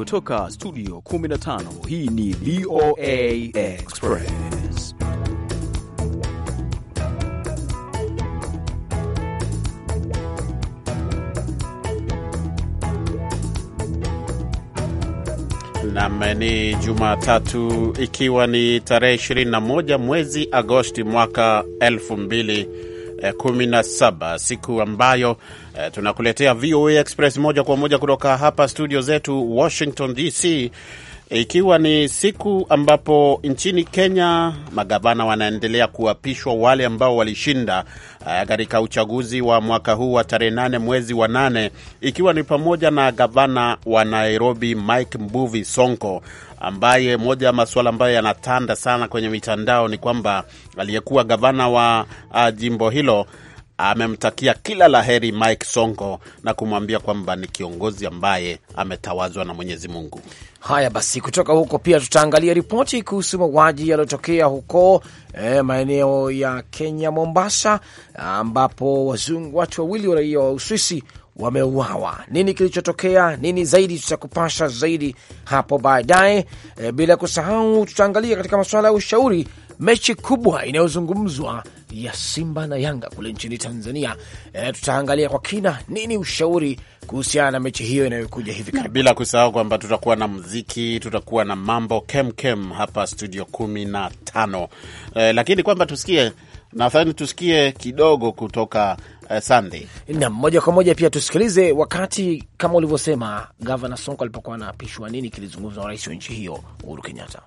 kutoka studio 15 hii ni VOA Express. Nam ni Jumatatu ikiwa ni tarehe 21 mwezi Agosti mwaka 2000 17 eh, siku ambayo eh, tunakuletea VOA Express moja kwa moja kutoka hapa studio zetu Washington DC ikiwa ni siku ambapo nchini Kenya magavana wanaendelea kuapishwa, wale ambao walishinda eh, katika uchaguzi wa mwaka huu wa tarehe nane mwezi wa nane, ikiwa ni pamoja na gavana wa Nairobi Mike Mbuvi Sonko ambaye moja ya masuala ambayo yanatanda sana kwenye mitandao ni kwamba aliyekuwa gavana wa ah, jimbo hilo amemtakia kila laheri Mike Sonko na kumwambia kwamba ni kiongozi ambaye ametawazwa na Mwenyezi Mungu. Haya basi, kutoka huko pia tutaangalia ripoti kuhusu mauaji yaliyotokea huko e, maeneo ya Kenya, Mombasa, ambapo wazungu watu wawili wa raia wa Uswisi wameuawa. Nini kilichotokea? Nini zaidi? Tutakupasha zaidi hapo baadaye. E, bila kusahau tutaangalia katika masuala ya ushauri, mechi kubwa inayozungumzwa ya Simba na Yanga kule nchini Tanzania. E, tutaangalia kwa kina nini ushauri kuhusiana na mechi hiyo inayokuja hivi karibuni, bila kusahau kwamba tutakuwa na muziki, tutakuwa na mambo kemkem kem hapa studio kumi na tano. E, lakini kwamba tusikie, nadhani tusikie kidogo kutoka uh, eh, Sunday. Na moja kwa moja pia tusikilize, wakati kama ulivyosema Gavana Sonko alipokuwa anaapishwa, nini kilizungumzwa na rais wa nchi hiyo Uhuru Kenyatta.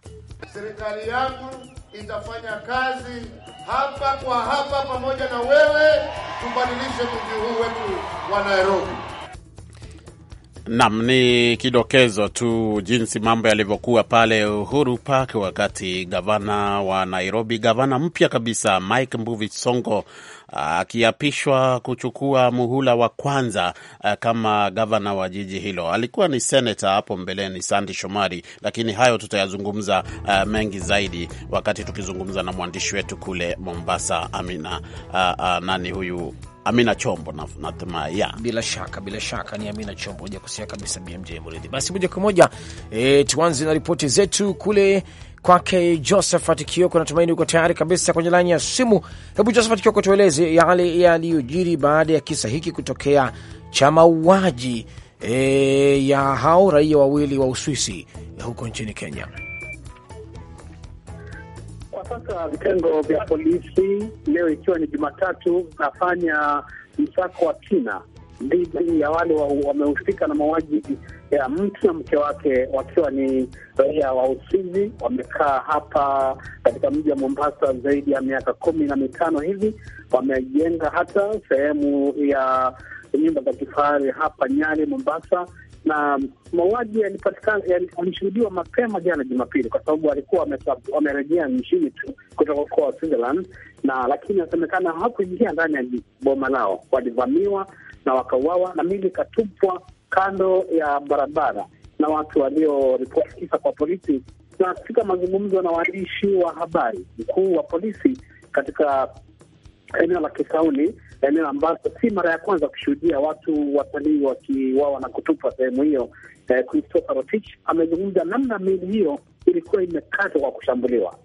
Serikali yangu itafanya kazi hapa kwa hapa pamoja na wewe, tubadilishe mji huu wetu wa Nairobi. Nam, ni kidokezo tu jinsi mambo yalivyokuwa pale Uhuru Park wakati gavana wa Nairobi, gavana mpya kabisa Mike Mbuvi Songo akiapishwa kuchukua muhula wa kwanza a, eh, kama gavana wa jiji hilo. Alikuwa ni senata hapo mbeleni, Sandi Shomari, lakini hayo tutayazungumza a, eh, mengi zaidi wakati tukizungumza na mwandishi wetu kule Mombasa, Amina a, ah, a, ah, nani huyu Amina Chombo natumai na ya. Bila shaka bila shaka ni Amina Chombo hujakosia kabisa, BMJ Mridhi. Basi moja kwa moja e, tuanze na ripoti zetu kule kwake Josephat Kioko. Natumaini uko tayari kabisa kwenye laini ya simu. Hebu Josephat Kioko, tueleze yale yaliyojiri baada ya kisa hiki kutokea cha mauaji e, ya hao raia wawili wa Uswisi huko nchini Kenya sasa vitengo vya polisi leo ikiwa ni Jumatatu vinafanya msako wa kina dhidi ya wale wamehusika na mauaji ya mtu na mke wake wakiwa ni raia wa Uswizi. Wamekaa hapa katika mji wa Mombasa zaidi ya miaka kumi na mitano hivi. Wamejenga hata sehemu ya nyumba za kifahari hapa Nyali, Mombasa, na mauaji yalipatikana yalishuhudiwa mapema jana Jumapili, kwa sababu alikuwa wamerejea nchini tu kutoka ukoa wa Switzerland, na lakini inasemekana hawakuingia ndani ya boma lao, walivamiwa na wakauawa na mili ikatupwa kando ya barabara, na watu walioripoti kisa kwa polisi. Na katika mazungumzo na waandishi wa habari, mkuu wa polisi katika eneo la Kisauni eneo ambazo si mara ya kwanza kushuhudia watu watalii wakiwawa na kutupwa sehemu hiyo. Eh, Christopher Rotich amezungumza namna meli hiyo ilikuwa imekatwa kwa kushambuliwa,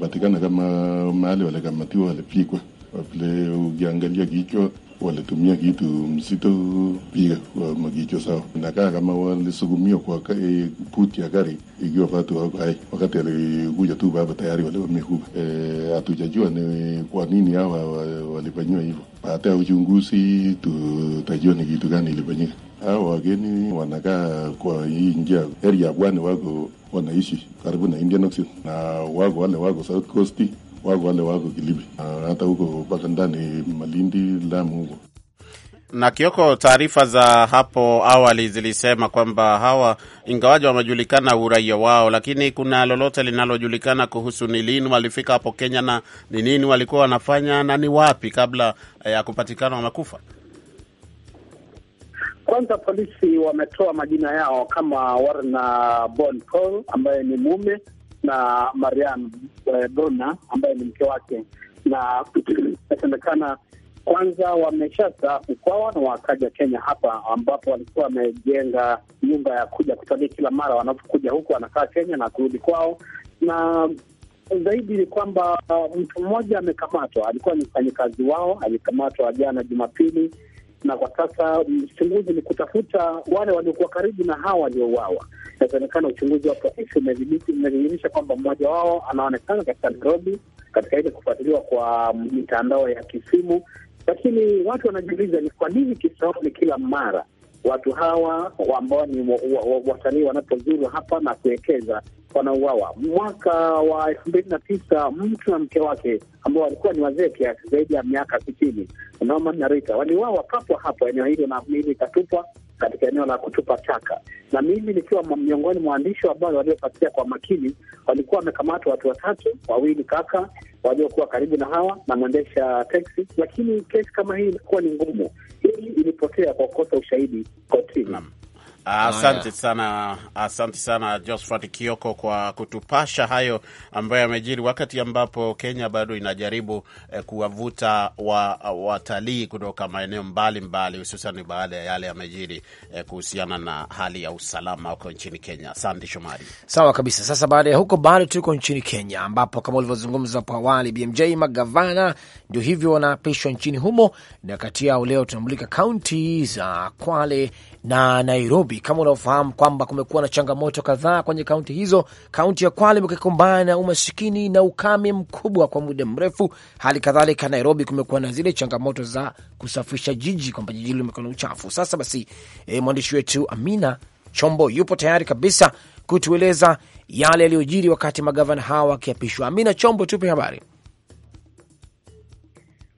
patikana kama mahali walekamatiwa walipigwa, vile ukiangalia kichwa walitumia kitu mzito pia kwa makicho sawa, inakaa kama walisukumia kwa e, buti ya gari ikiwa watu wako hai. Wakati alikuja tu baba tayari wale wamekufa. Eh, hatujajua e, ni kwa nini hawa walifanyiwa hivyo. Baada ya uchunguzi tutajua ni kitu gani ilifanyika. Hawa wageni wanakaa kwa hii njia heri ya bwani, wako wanaishi karibu na Indian Ocean na wako wale wako South Coast wako wale wako Kilibi, hata huko mpaka ndani Malindi, Lamu huko na Kioko, taarifa za hapo awali zilisema kwamba hawa ingawaji wamejulikana uraia wao, lakini kuna lolote linalojulikana kuhusu ni lini walifika hapo Kenya na ni nini walikuwa wanafanya na ni wapi kabla eh, ya kupatikana wamekufa? Kwanza polisi wametoa majina yao kama Warna Bon Paul ambaye ni mume na Marian eh, Bruna ambaye ni mke wake, na inasemekana kwanza wameshastaafu kwao na wakaja Kenya hapa, ambapo walikuwa wamejenga nyumba ya kuja kutalii. Kila mara wanapokuja huku wanakaa Kenya na kurudi kwao. Na zaidi ni kwamba uh, mtu mmoja amekamatwa, alikuwa ni mfanyikazi wao, alikamatwa jana Jumapili na kwa sasa uchunguzi ni kutafuta wale waliokuwa karibu na hawa waliouawa. Inasemekana uchunguzi wa polisi umedhihirisha kwamba mmoja wao anaonekana katika Nairobi katika ile kufuatiliwa kwa mitandao ya kisimu, lakini watu wanajiuliza ni kwa nini kisaoni ni kila mara watu hawa ambao ni watalii wanapozuru hapa na kuwekeza wanauawa. Mwaka wa elfu mbili na tisa mtu na mke wake ambao walikuwa ni wazee kiasi zaidi ya miaka sitini, Norman na Rita waliuawa papo hapo eneo hilo, na mili ikatupwa katika eneo la kutupa taka. Na mimi nikiwa miongoni mwa waandishi ambao habari waliopatia kwa makini, walikuwa wamekamata watu watatu, wawili kaka waliokuwa karibu na hawa na mwendesha teksi, lakini kesi kama hii ilikuwa ni ngumu Beli ilipotea kwa kukosa ushahidi kotini. Asante ah, sana asante sana Josphat Kioko kwa kutupasha hayo ambayo yamejiri wakati ambapo Kenya bado inajaribu eh, kuwavuta watalii wa kutoka maeneo mbalimbali hususan baada ya yale yamejiri eh, kuhusiana na hali ya usalama huko nchini Kenya. Asante Shomari. Sawa kabisa. Sasa baada ya huko bado tuko nchini Kenya ambapo kama ulivyozungumza hapo awali BMJ, magavana ndio hivyo wanaapishwa nchini humo na kati yao leo tunamulika kaunti za Kwale na Nairobi Nairobi. Kama unavyofahamu kwamba kumekuwa na changamoto kadhaa kwenye kaunti hizo. Kaunti ya Kwale imekukumbana na umasikini na ukame mkubwa kwa muda mrefu. Hali kadhalika Nairobi kumekuwa na zile changamoto za kusafisha jiji, kwamba jiji limekuwa na uchafu. Sasa basi, e, mwandishi wetu Amina Chombo yupo tayari kabisa kutueleza yale yaliyojiri wakati magavana hawa wakiapishwa. Amina Chombo, tupe habari.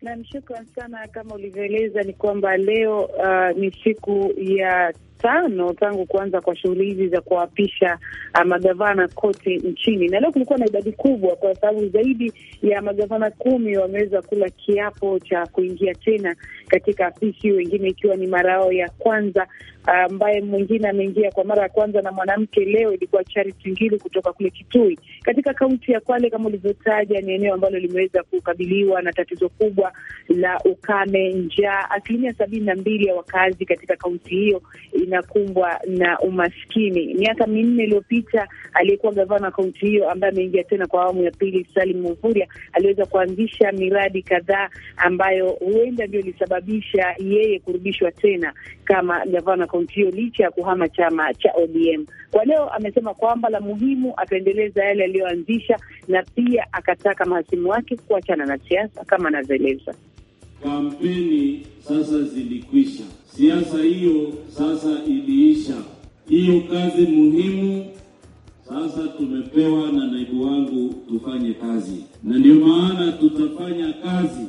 Nam, shukran sana. Kama ulivyoeleza ni kwamba leo uh, ni siku ya tano tangu kuanza kwa shughuli hizi za kuwaapisha uh, magavana kote nchini, na leo kulikuwa na idadi kubwa, kwa sababu zaidi ya magavana kumi wameweza kula kiapo cha kuingia tena katika afisi, wengine ikiwa ni mara yao ya kwanza, uh, ambaye mwingine ameingia kwa mara ya kwanza na mwanamke leo ilikuwa Charity Ngilu kutoka kule Kitui katika kaunti ya Kwale. Kama ulivyotaja, ni eneo ambalo limeweza kukabiliwa na tatizo kubwa la ukame, njaa. Asilimia sabini na mbili ya wakazi katika kaunti hiyo inakumbwa na umaskini. Miaka minne iliyopita aliyekuwa gavana kaunti hiyo ambaye ameingia tena kwa awamu ya pili, Salim Mvurya, aliweza kuanzisha miradi kadhaa ambayo huenda ndio ilisababisha yeye kurudishwa tena kama gavana kaunti hiyo licha ya kuhama chama cha ODM. Kwa leo amesema kwamba la muhimu ataendeleza yale aliyoanzisha, na pia akataka mahasimu wake kuachana na siasa kama anavyoeleza. Kampeni sasa zilikwisha. Siasa hiyo sasa iliisha. Hiyo kazi muhimu sasa tumepewa na naibu wangu tufanye kazi, na ndio maana tutafanya kazi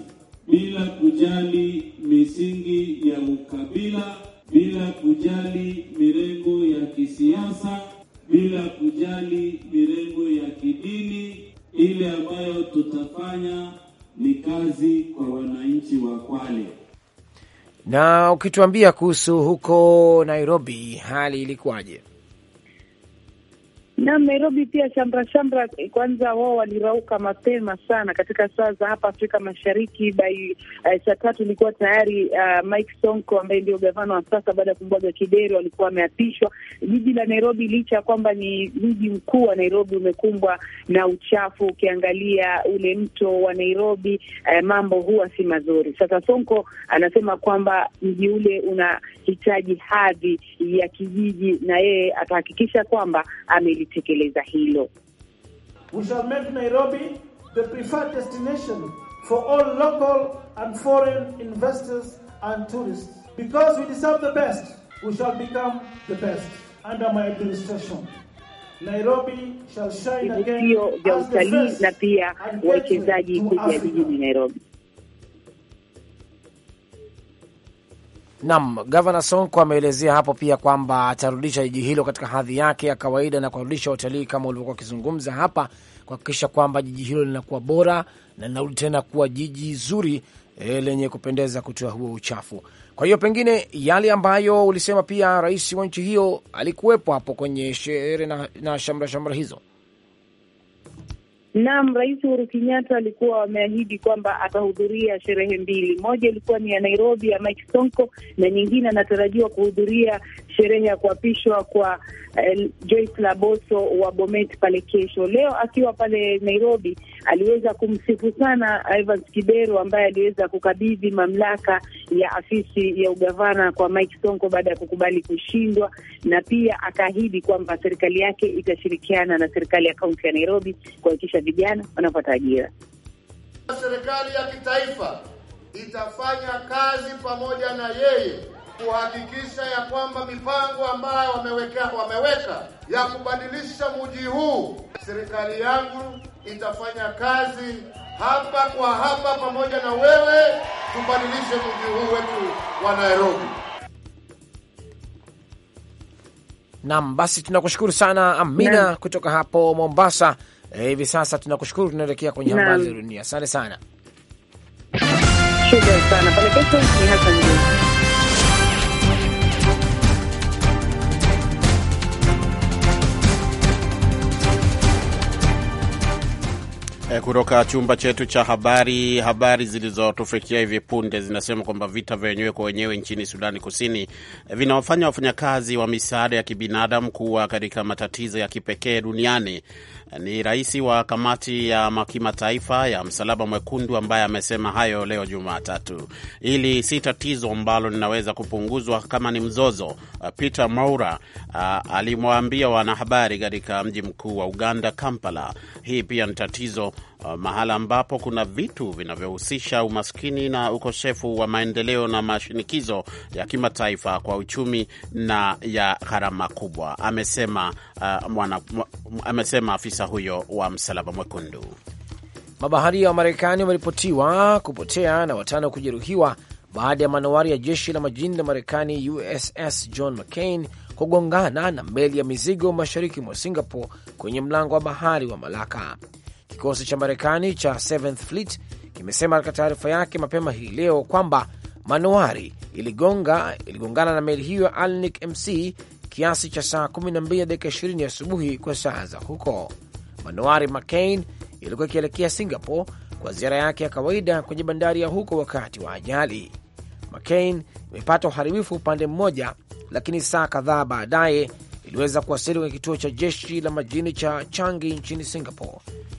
bila kujali misingi ya ukabila, bila kujali mirengo ya kisiasa, bila kujali mirengo ya kidini. Ile ambayo tutafanya ni kazi kwa wananchi wa Kwale. Na ukituambia kuhusu huko Nairobi, hali ilikuwaje? na Nairobi pia shamra shamra. Eh, kwanza wao walirauka mapema sana katika saa za hapa Afrika Mashariki. By uh, saa tatu ilikuwa tayari uh, Mike Sonko ambaye ndio gavana wa sasa baada ya kumbwaga Kidero alikuwa ameapishwa. Jiji la Nairobi, licha ya kwamba ni mji mkuu wa Nairobi, umekumbwa na uchafu. Ukiangalia ule mto wa Nairobi, uh, mambo huwa si mazuri. Sasa Sonko anasema kwamba mji ule unahitaji hadhi ya kijiji, na yeye atahakikisha kwamba ameli kulitekeleza hilo. We shall make Nairobi the preferred destination for all local and foreign investors and tourists. Because we deserve the best, we shall become the best under my administration. Nairobi shall shine again. vya utalii na pia wawekezaji kuja jijini Nairobi. Naam, Gavana Sonko ameelezea hapo pia kwamba atarudisha jiji hilo katika hadhi yake ya kawaida na kuwarudisha watalii kama ulivyokuwa wakizungumza hapa, kuhakikisha kwamba jiji hilo linakuwa bora na linarudi tena kuwa jiji zuri e, lenye kupendeza, kutoa huo uchafu. Kwa hiyo pengine yale ambayo ulisema pia rais wa nchi hiyo alikuwepo hapo kwenye sherehe na, na shamra shamra hizo Naam, Rais Uhuru Kenyatta alikuwa wameahidi kwamba atahudhuria sherehe mbili, moja ilikuwa ni ya Nairobi ya Mike Sonko na nyingine anatarajiwa kuhudhuria sherehe ya kuapishwa kwa, kwa eh, Joyce Laboso wa Bomet pale kesho. Leo akiwa pale Nairobi aliweza kumsifu sana Evans Kiberu ambaye aliweza kukabidhi mamlaka ya afisi ya ugavana kwa Mike Sonko baada ya kukubali kushindwa, na pia akaahidi kwamba serikali yake itashirikiana na serikali ya kaunti ya Nairobi kuhakikisha vijana wanapata ajira. Serikali ya kitaifa itafanya kazi pamoja na yeye kuhakikisha ya kwamba mipango ambayo wameweka wameweka ya kubadilisha mji huu, serikali yangu itafanya kazi hapa kwa hapa pamoja na wewe, tubadilishe mji huu wetu wa Nairobi. Nam, basi tunakushukuru sana Amina Naam. kutoka hapo Mombasa eh, hivi e, sasa tunakushukuru, tunaelekea kwenye habari za dunia. Asante sana, sana. Eh, kutoka chumba chetu cha habari, habari zilizotufikia hivi punde zinasema kwamba vita vya wenyewe kwa wenyewe nchini Sudani Kusini eh, vinawafanya wafanyakazi wa misaada ya kibinadamu kuwa katika matatizo ya kipekee duniani. Eh, ni rais wa kamati ya kimataifa ya Msalaba Mwekundu ambaye amesema hayo leo Jumatatu. Hili si tatizo ambalo linaweza kupunguzwa kama ni mzozo, Peter Maura alimwambia wanahabari katika mji mkuu wa Uganda, Kampala. Hii pia ni tatizo Uh, mahala ambapo kuna vitu vinavyohusisha umaskini na ukosefu wa maendeleo na mashinikizo ya kimataifa kwa uchumi na ya gharama kubwa, amesema, uh, mwana, amesema afisa huyo wa Msalaba Mwekundu. Mabaharia wa Marekani wameripotiwa kupotea na watano kujeruhiwa baada ya manowari ya jeshi la majini la Marekani USS John McCain kugongana na meli ya mizigo mashariki mwa Singapore kwenye mlango wa bahari wa Malaka. Kikosi cha Marekani cha Seventh Fleet kimesema katika taarifa yake mapema hii leo kwamba manuari iligonga iligongana na meli hiyo ya Alnic MC kiasi cha saa 12 dakika 20 asubuhi kwa saa za huko. Manuari McCain ilikuwa ikielekea Singapore kwa ziara yake ya kawaida kwenye bandari ya huko wakati wa ajali. McCain imepata uharibifu upande mmoja, lakini saa kadhaa baadaye iliweza kuwasili kwenye kituo cha jeshi la majini cha Changi nchini Singapore.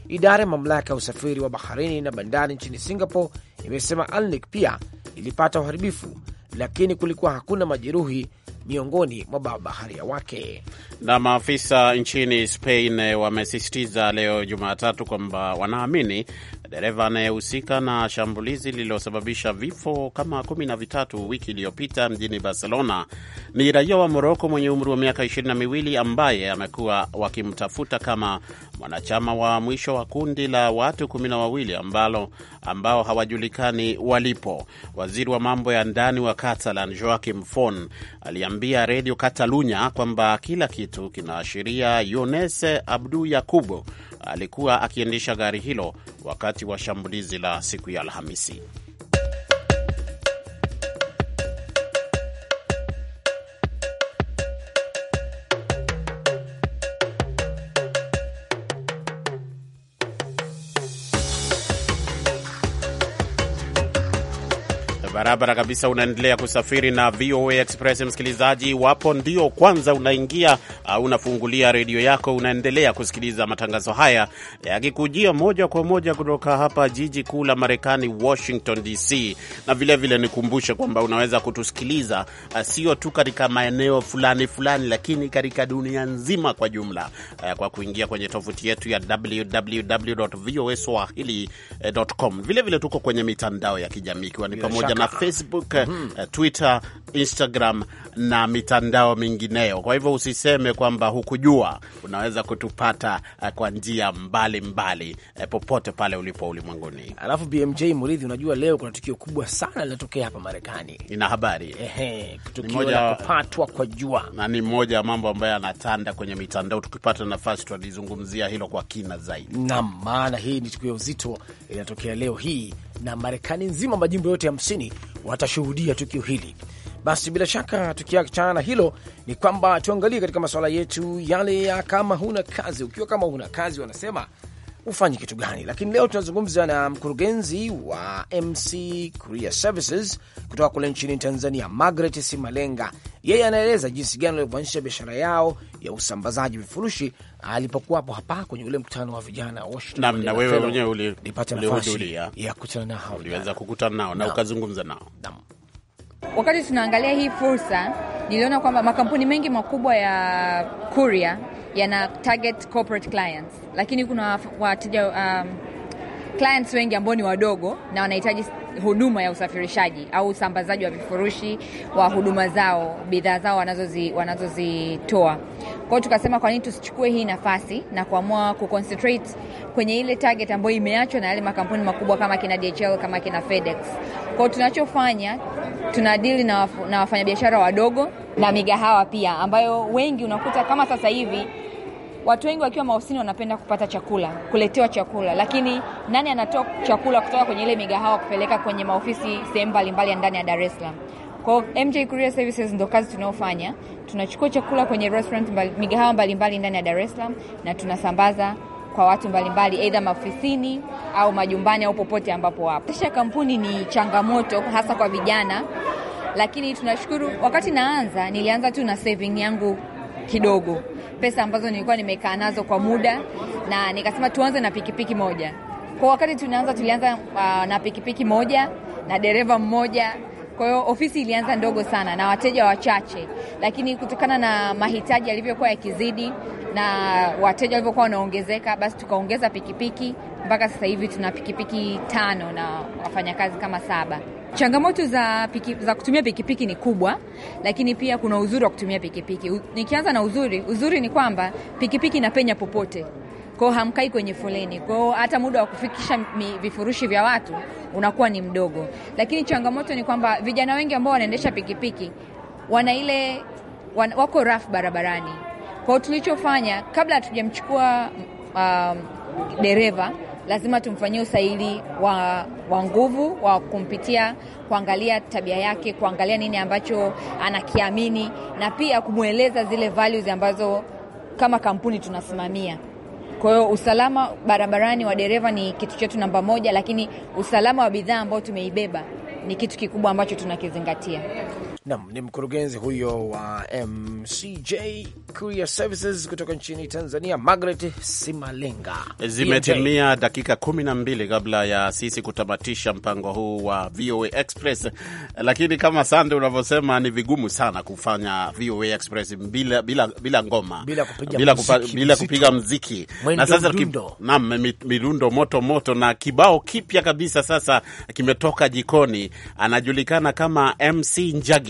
Idara ya mamlaka ya usafiri wa baharini na bandari nchini Singapore imesema Alnic pia ilipata uharibifu, lakini kulikuwa hakuna majeruhi miongoni mwa mabaharia wake. Na maafisa nchini Spain wamesisitiza leo Jumatatu kwamba wanaamini dereva anayehusika na shambulizi lililosababisha vifo kama kumi na vitatu wiki iliyopita mjini Barcelona ni raia wa Moroko mwenye umri wa miaka ishirini na miwili ambaye amekuwa wakimtafuta kama mwanachama wa mwisho wa kundi la watu kumi na wawili ambalo ambao hawajulikani walipo. Waziri wa mambo ya ndani wa Catalan Joaquim Fon aliambia redio Catalunya kwamba kila kitu kinaashiria Younes Abdu Yakubu alikuwa akiendesha gari hilo wakati wa shambulizi la siku ya Alhamisi. barabara kabisa. Unaendelea kusafiri na VOA Express, msikilizaji. wapo ndio kwanza unaingia au uh, unafungulia redio yako, unaendelea kusikiliza matangazo haya yakikujia moja kwa moja kutoka hapa jiji kuu la Marekani, Washington DC. Na vilevile nikumbushe kwamba unaweza kutusikiliza uh, sio tu katika maeneo fulani fulani, lakini katika dunia nzima kwa jumla, uh, kwa kuingia kwenye tovuti yetu ya www Vilevile tuko kwenye mitandao ya kijamii ikiwa ni pamoja na Facebook, mm -hmm. Twitter, Instagram na mitandao mingineyo. Kwa hivyo usiseme kwamba hukujua, unaweza kutupata eh, kwa njia mbalimbali eh, popote pale ulipo ulimwenguni. Alafu BMJ Muridhi, unajua leo kuna tukio kubwa sana linatokea hapa Marekani, ina habari ehe, tukio la kupatwa kwa jua, na ni mmoja ya mambo ambayo yanatanda kwenye mitandao. Tukipata nafasi, tutalizungumzia hilo kwa kina zaidi. Naam, maana hii ni tukio zito, inatokea leo hii na Marekani nzima, majimbo yote hamsini watashuhudia tukio hili. Basi bila shaka tukiachana na hilo, ni kwamba tuangalie katika masuala yetu yale ya kama huna kazi. Ukiwa kama huna kazi, wanasema ufanye kitu gani? Lakini leo tunazungumza na mkurugenzi wa MC Career Services kutoka kule nchini Tanzania, Margaret Simalenga. Yeye anaeleza jinsi gani walivyoanzisha biashara yao ya usambazaji vifurushi alipokuwapo hapa kwenye ule mkutano wa vijana Washington. Na wewe mwenyewe ulipata nafasi ya kukutana nao, uliweza kukutana nao na ukazungumza nao. Naam. Wakati tunaangalia hii fursa, niliona kwamba makampuni mengi makubwa ya courier yana target corporate clients, lakini kuna wateja um, clients wengi ambao ni wadogo na wanahitaji huduma ya usafirishaji au usambazaji wa vifurushi wa huduma zao, bidhaa zao wanazozitoa wanazozi kwao. Tukasema kwa nini tusichukue hii nafasi na kuamua kuconcentrate kwenye ile target ambayo imeachwa na yale makampuni makubwa kama kina DHL kama kina FedEx. Kwao tunachofanya tuna na, na wafanyabiashara wadogo na migahawa pia, ambayo wengi unakuta kama sasa hivi watu wengi wakiwa maofisini wanapenda kupata chakula, kuletewa chakula, lakini nani anatoa chakula kutoka kwenye ile migahawa kupeleka kwenye maofisi sehemu mbalimbali ya ndani ya Dar es Salaam? Kwa MJ Courier Services ndo kazi tunaofanya. Tunachukua chakula kwenye restaurant mbali, migahawa mbalimbali ndani ya Dar es Salaam na tunasambaza kwa watu mbalimbali aidha maofisini au majumbani au popote ambapo wapo. Sha kampuni ni changamoto hasa kwa vijana, lakini tunashukuru. Wakati naanza nilianza tu na saving yangu kidogo, pesa ambazo nilikuwa nimekaa nazo kwa muda, na nikasema tuanze na pikipiki moja. Kwa wakati tunaanza tulianza uh, na pikipiki moja na dereva mmoja. Kwa hiyo ofisi ilianza ndogo sana na wateja wachache, lakini kutokana na mahitaji yalivyokuwa yakizidi na wateja walivyokuwa wanaongezeka, basi tukaongeza pikipiki mpaka sasa hivi tuna pikipiki tano na wafanyakazi kama saba. Changamoto za, piki, za kutumia pikipiki ni kubwa, lakini pia kuna uzuri wa kutumia pikipiki. Nikianza na uzuri, uzuri ni kwamba pikipiki inapenya popote kwao, hamkai kwenye foleni kwao, hata muda wa kufikisha vifurushi vya watu unakuwa ni mdogo. Lakini changamoto ni kwamba vijana wengi ambao wanaendesha pikipiki wana ile wan, wako rafu barabarani kwao. Tulichofanya kabla hatujamchukua um, dereva lazima tumfanyie usaili wa, wa nguvu wa kumpitia, kuangalia tabia yake, kuangalia nini ambacho anakiamini na pia kumweleza zile values ambazo kama kampuni tunasimamia. Kwa hiyo usalama barabarani wa dereva ni kitu chetu namba moja, lakini usalama wa bidhaa ambao tumeibeba ni kitu kikubwa ambacho tunakizingatia. Nam ni mkurugenzi huyo wa MCJ Courier Services kutoka nchini Tanzania, Margaret Simalenga. Zimetimia dakika kumi na mbili kabla ya sisi kutamatisha mpango huu wa VOA Express, lakini kama Sande unavyosema ni vigumu sana kufanya VOA Express bila, bila, bila ngoma bila kupiga bila mziki, bila kupiga Na sasa mirundo moto moto na kibao kipya kabisa sasa kimetoka jikoni, anajulikana kama MC Njagi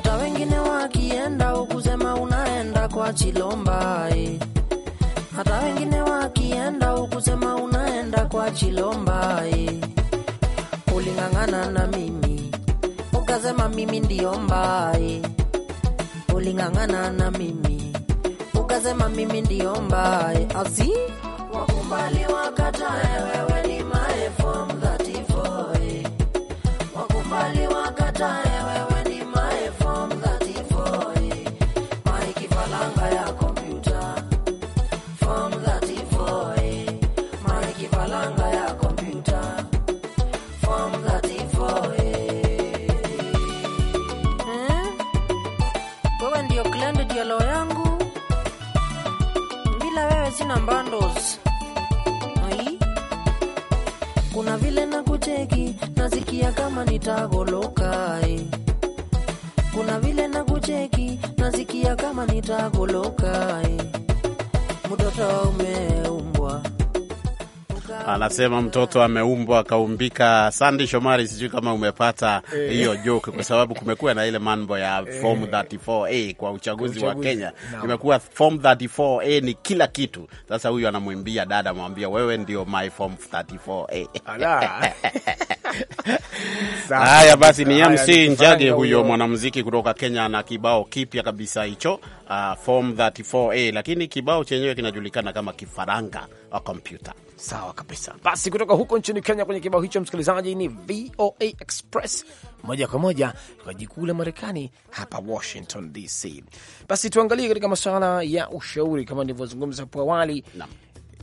hata wengine wakienda ukusema unaenda kwa Chilomba eh. Hata wengine wakienda ukusema unaenda kwa Chilomba eh. Uling'ang'ana na mimi ukasema mimi ndio mbaye. Uling'ang'ana na mimi ukasema mimi ndio mbaye asi wakubali wakatae wewe ni ma nitagoloka Kuna vile kucheki nasikia kama nitagoloka Mtoto umeumbwa Anasema mtoto ameumbwa akaumbika. Sandi Shomari, sijui kama umepata eh. hiyo joke kwa sababu kumekuwa na ile mambo ya eh. form 34A kwa uchaguzi wa Kenya no. Imekuwa form 34A ni kila kitu. Sasa huyu anamwimbia dada, mwambia wewe ndio my form 34A Haya basi, ni MC Njage huyo mwanamuziki kutoka Kenya na kibao kipya kabisa hicho, uh, form 34A, lakini kibao chenyewe kinajulikana kama kifaranga wa kompyuta. Sawa kabisa. Basi kutoka huko nchini Kenya kwenye kibao hicho, msikilizaji, ni VOA Express moja kwa moja kwa jikuu la Marekani hapa Washington DC. Basi tuangalie katika masuala ya ushauri kama nilivyozungumza hapo awali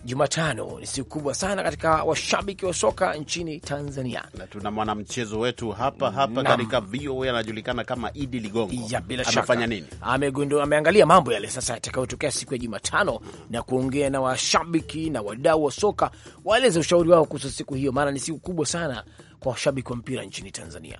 Jumatano ni siku kubwa sana katika washabiki wa soka nchini Tanzania, na tuna mwanamchezo wetu hapa hapa katika VOA anajulikana kama Idi Ligongo. Ya, bila amefanya nini? Amegundua, ameangalia mambo yale sasa yatakayotokea siku ya Jumatano na kuongea na washabiki na wadau wa soka, waeleze ushauri wao kuhusu siku hiyo, maana ni siku kubwa sana kwa washabiki wa mpira nchini Tanzania.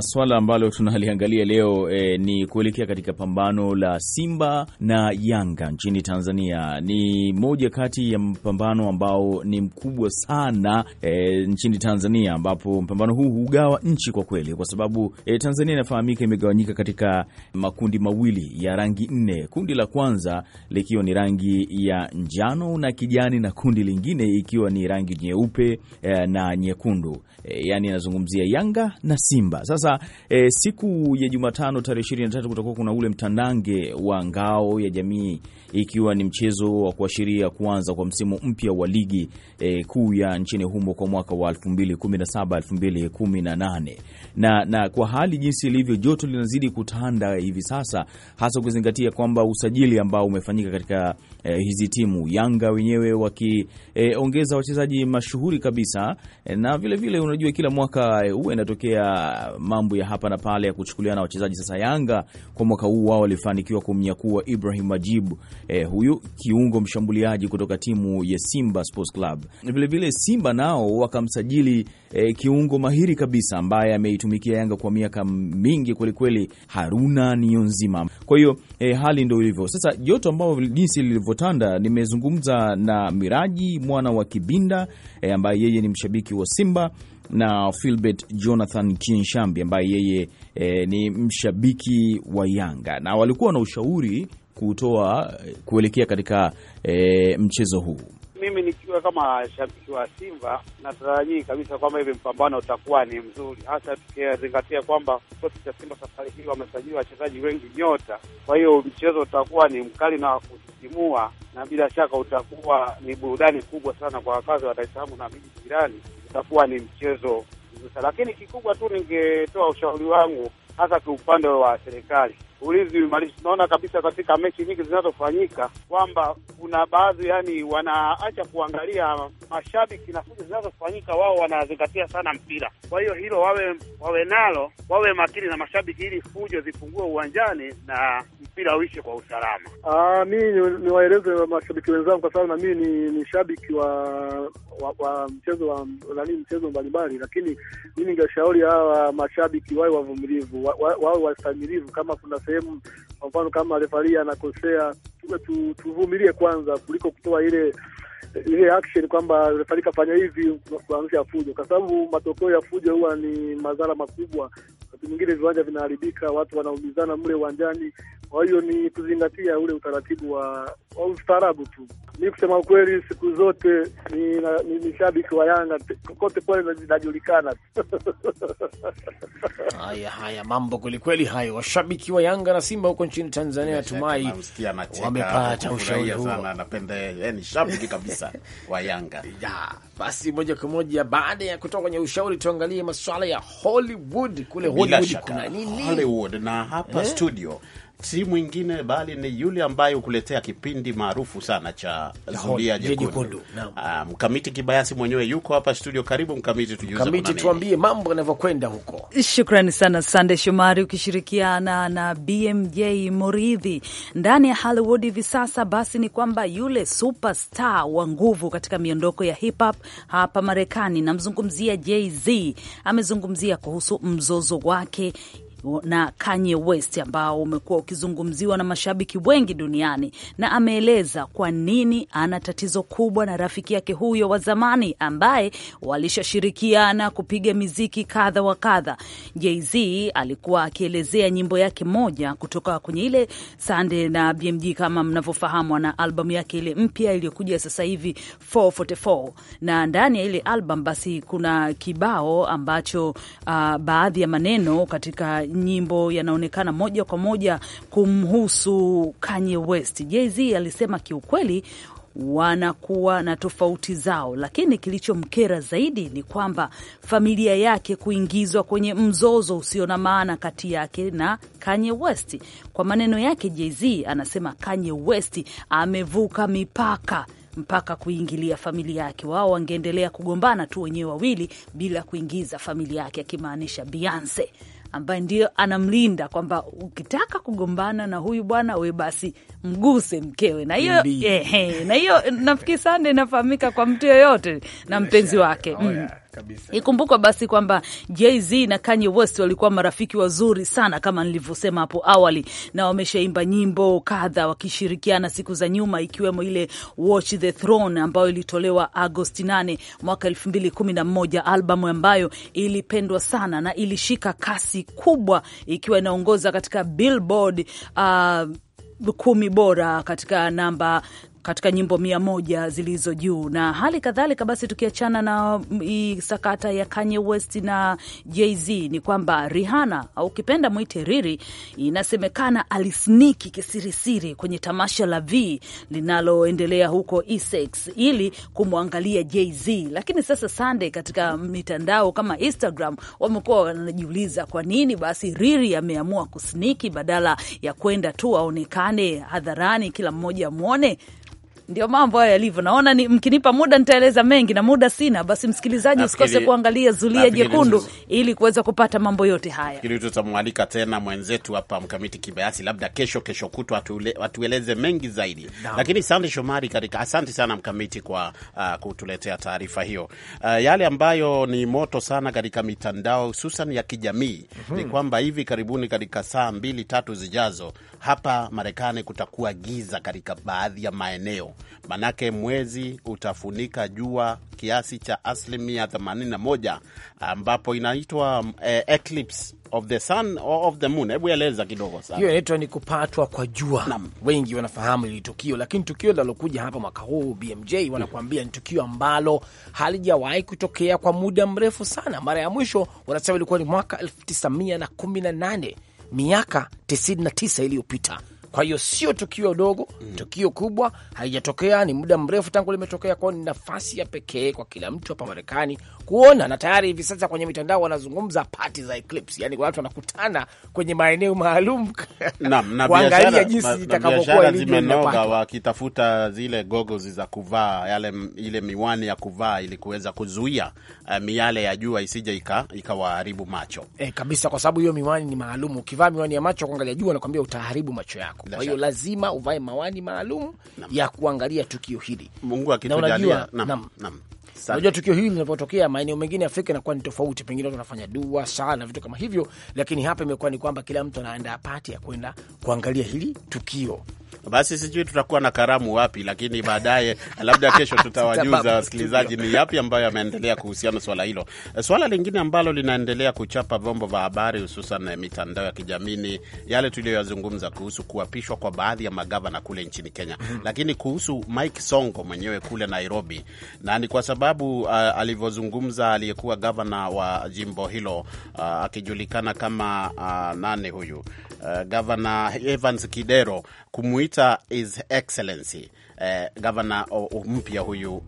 Swala ambalo tunaliangalia leo e, ni kuelekea katika pambano la Simba na Yanga nchini Tanzania. Ni moja kati ya mpambano ambao ni mkubwa sana e, nchini Tanzania, ambapo mpambano huu hugawa nchi kwa kweli, kwa sababu e, Tanzania inafahamika imegawanyika katika makundi mawili ya rangi nne, kundi la kwanza likiwa ni rangi ya njano na kijani na kundi lingine ikiwa ni rangi nyeupe e, na nyekundu e, yani inazungumzia Yanga na Simba. Sasa sasa e, siku ya Jumatano tarehe 23 kutakuwa kuna ule mtandange wa ngao ya jamii ikiwa ni mchezo wa kuashiria kuanza kwa msimu mpya wa ligi e, kuu ya nchini humo kwa mwaka wa 2017 2018, na, na kwa hali jinsi ilivyo, joto linazidi kutanda hivi sasa, hasa ukizingatia kwamba usajili ambao umefanyika katika e, hizi timu Yanga wenyewe wakiongeza eh, e, wachezaji mashuhuri kabisa e, na vilevile vile, unajua kila mwaka huwa inatokea mambo ya hapa na pale ya kuchukuliana wachezaji. Sasa Yanga kwa mwaka huu wao walifanikiwa kumnyakua Ibrahim Majibu eh, huyu kiungo mshambuliaji kutoka timu ya Simba Sports Club. Vilevile Simba nao wakamsajili eh, kiungo mahiri kabisa ambaye ameitumikia Yanga kwa miaka mingi kwelikweli, Haruna Niyonzima. Kwa hiyo eh, hali ndio ilivyo sasa. Joto ambao jinsi lilivyotanda, nimezungumza na Miraji mwana wa Kibinda eh, ambaye yeye ni mshabiki wa Simba na Philbert Jonathan Kinshambi ambaye yeye e, ni mshabiki wa Yanga na walikuwa na ushauri kutoa kuelekea katika e, mchezo huu? Mimi nikiwa kama shabiki wa Simba natarajii kabisa kwamba hivi mpambano utakuwa ni mzuri, hasa tukizingatia kwamba kikosi cha Simba safari hii wamesajili wachezaji wengi nyota. Kwa hiyo mchezo utakuwa ni mkali na wa kusisimua, na bila shaka utakuwa ni burudani kubwa sana kwa wakazi wa Dar es Salaam na miji jirani. Utakuwa ni mchezo mzuri, lakini kikubwa tu ningetoa ushauri wangu hasa kiupande wa serikali ulinzi uimarishwe. Tunaona kabisa katika mechi nyingi zinazofanyika kwamba kuna baadhi, yani wanaacha kuangalia mashabiki na fujo zinazofanyika, wao wanazingatia sana mpira. Kwa hiyo hilo wawe wawe nalo, wawe makini na mashabiki ili fujo zipungue uwanjani na mpira uishe kwa usalama. Ah, mi niwaeleze ni mashabiki wenzangu, kwa sababu na mimi ni, ni shabiki wa wa, wa mchezo wa nani, mchezo mbalimbali, lakini mi ningeshauri hawa mashabiki wawe wavumilivu, wawe wastamilivu kama kuna sehemu, kwa mfano kama refaria anakosea, tuwe tuvumilie kwanza, kuliko kutoa ile ile action kwamba refari kafanya hivi kuanzisha fujo, kwa sababu matokeo ya fujo huwa ni madhara makubwa wakati mwingine viwanja vinaharibika, watu wanaumizana mle uwanjani. Kwa hiyo ni kuzingatia ule utaratibu wa, wa ustaarabu tu. Mi kusema ukweli, siku zote ni, na, ni, ni shabiki wa Yanga kokote pale inajulikana. Haya haya mambo kwelikweli hayo. Washabiki wa Yanga na Simba huko nchini Tanzania tumai wamepata ushauri huo. Ni shabiki kabisa wa Yanga. Ya, basi moja kwa moja baada ya kutoka kwenye ushauri tuangalie masuala ya Hollywood kule Hollywood, kuna Hollywood na hapa eh, studio si mwingine bali ni yule ambaye hukuletea kipindi maarufu sana cha Zulia Jekundu. Ah, Mkamiti Kibayasi mwenyewe yuko hapa studio. Karibu Mkamiti, tujuze Mkamiti, tuambie mambo yanavyokwenda huko. Shukrani sana Sande Shomari ukishirikiana na BMJ Moridhi ndani ya Hollywood hivi sasa. Basi ni kwamba yule superstar wa nguvu katika miondoko ya hip hop hapa Marekani, namzungumzia Jay Z, amezungumzia kuhusu mzozo wake na Kanye West ambao umekuwa ukizungumziwa na mashabiki wengi duniani, na ameeleza kwa nini ana tatizo kubwa na rafiki yake huyo wa zamani ambaye walishashirikiana kupiga miziki kadha wa kadha. Jay-Z alikuwa akielezea nyimbo yake moja kutoka kwenye ile Sande na BMG kama mnavyofahamu, na albamu yake ile mpya iliyokuja sasa hivi 444 na ndani ya ile albamu basi kuna kibao ambacho uh, baadhi ya maneno katika nyimbo yanaonekana moja kwa moja kumhusu Kanye West. Jay-Z alisema kiukweli wanakuwa na tofauti zao, lakini kilichomkera zaidi ni kwamba familia yake kuingizwa kwenye mzozo usio na maana kati yake na Kanye West. Kwa maneno yake, Jay-Z anasema Kanye West amevuka mipaka mpaka kuingilia familia yake. Wao wangeendelea kugombana tu wenyewe wawili bila kuingiza familia yake, akimaanisha Beyonce ambaye ndiyo anamlinda kwamba ukitaka kugombana na huyu bwana we basi mguse mkewe. Na hiyo eh, na hiyo nafikiri sande inafahamika kwa mtu yoyote na mpenzi wake oh, mm kabisa. Ikumbukwa basi kwamba Jay-Z na Kanye West walikuwa marafiki wazuri sana kama nilivyosema hapo awali, na wameshaimba nyimbo kadha wakishirikiana siku za nyuma, ikiwemo ile Watch the Throne ambayo ilitolewa Agosti 8 mwaka 2011, albamu ambayo ilipendwa sana na ilishika kasi kubwa, ikiwa inaongoza katika Billboard uh, kumi bora katika namba katika nyimbo mia moja zilizo juu na hali kadhalika. Basi tukiachana na mm, sakata ya Kanye West na Jay-Z, ni kwamba Rihanna au ukipenda mwite Riri, inasemekana alisniki kisirisiri kwenye tamasha la V linaloendelea huko Essex ili kumwangalia Jay-Z. Lakini sasa sande katika mitandao kama Instagram, wamekuwa wanajiuliza kwa nini basi Riri ameamua kusniki badala ya kwenda tu aonekane hadharani, kila mmoja amwone. Ndio mambo hayo yalivyo. Naona ni mkinipa muda nitaeleza mengi, na muda sina. Basi msikilizaji, usikose kuangalia Zulia Jekundu ili kuweza kupata mambo yote haya. Ili tutamwalika tena mwenzetu hapa Mkamiti Kibayasi, labda kesho, kesho kutwa atueleze mengi zaidi no. Lakini sande Shomari katika, asante sana Mkamiti kwa uh, kutuletea taarifa hiyo. Uh, yale ambayo ni moto sana katika mitandao hususan ya kijamii mm -hmm. ni kwamba hivi karibuni katika saa mbili tatu zijazo hapa Marekani kutakuwa giza katika baadhi ya maeneo manake mwezi utafunika jua kiasi cha asilimia 81, ambapo inaitwa eh, eclipse of the sun or of the moon. Hebu eleza kidogo sana. Hiyo inaitwa ni kupatwa kwa jua Nam. wengi wanafahamu hili tukio, lakini tukio linalokuja hapa mwaka huu BMJ wanakuambia ni tukio ambalo halijawahi kutokea kwa muda mrefu sana. Mara ya mwisho wanasema ilikuwa ni mwaka 1918 miaka 99 iliyopita kwa hiyo sio tukio dogo mm. Tukio kubwa haijatokea, ni muda mrefu tangu limetokea kwao. Ni nafasi ya pekee kwa kila mtu hapa Marekani kuona, na tayari hivi sasa kwenye mitandao wanazungumza pati za eclipse, yani watu wanakutana kwenye maeneo maalum kuangalia jinsi itakavyokuwa zimenoga, wakitafuta zile goggles za kuvaa yale, ile miwani ya kuvaa ili kuweza kuzuia uh, miale ya jua isije ikawaharibu macho eh, kabisa, kwa sababu hiyo miwani ni maalum. Ukivaa miwani ya macho kuangalia jua, nakwambia utaharibu macho yako yako. Kwa hiyo lazima uvae mawani maalum ya kuangalia tukio hili. Mungu akitujalia. Naam, naam. Unajua tukio hili linavyotokea maeneo mengine ya Afrika inakuwa ni tofauti, pengine watu wanafanya dua, sala na vitu kama hivyo, lakini hapa imekuwa ni kwamba kila mtu anaenda pati ya kwenda kuangalia hili tukio. Basi sijui tutakuwa na karamu wapi, lakini baadaye labda kesho tutawajuza wasikilizaji ni yapi ambayo yameendelea kuhusiana swala hilo. E, swala lingine ambalo linaendelea kuchapa vyombo vya habari hususan eh, mitandao ya kijamii ni yale tuliyoyazungumza kuhusu kuapishwa kwa baadhi ya magavana kule nchini Kenya, mhm. lakini kuhusu Mike Songo mwenyewe kule Nairobi, na ni kwa sababu uh, alivyozungumza aliyekuwa gavana wa jimbo hilo uh, akijulikana kama uh, nani huyu uh, gavana Evans Kidero kumuita tunamuita his excellency uh, eh, gavana mpya huyu uh,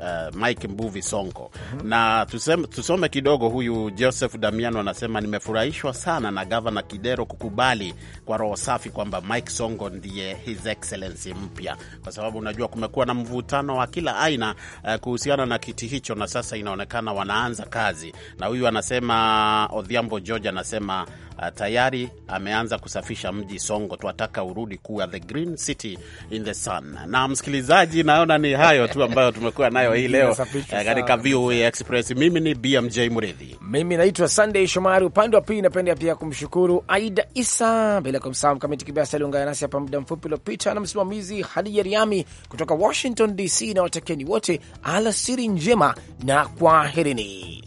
uh, Mike Mbuvi Sonko mm -hmm. Na tuseme, tusome kidogo huyu Joseph Damiano anasema, nimefurahishwa sana na gavana Kidero kukubali kwa roho safi kwamba Mike Sonko ndiye his excellency mpya, kwa sababu unajua kumekuwa na mvutano wa kila aina uh, kuhusiana na kiti hicho, na sasa inaonekana wanaanza kazi. Na huyu anasema Odhiambo George anasema Ah, tayari ameanza kusafisha mji Songo, twataka urudi kuwa the green city in the sun. Na msikilizaji, naona ni hayo tu ambayo tumekuwa nayo hii leo eh, katika VOA Express. Mimi ni BMJ Mridhi, mimi naitwa Sunday Shomari. Upande wa pili napenda pia kumshukuru Aida Isa, bila kumsahau Mkamiti Kibayasi aliungana nasi hapa muda mfupi uliopita, na msimamizi Hadija Riami kutoka Washington DC, na watakieni wote alasiri njema na kwaherini.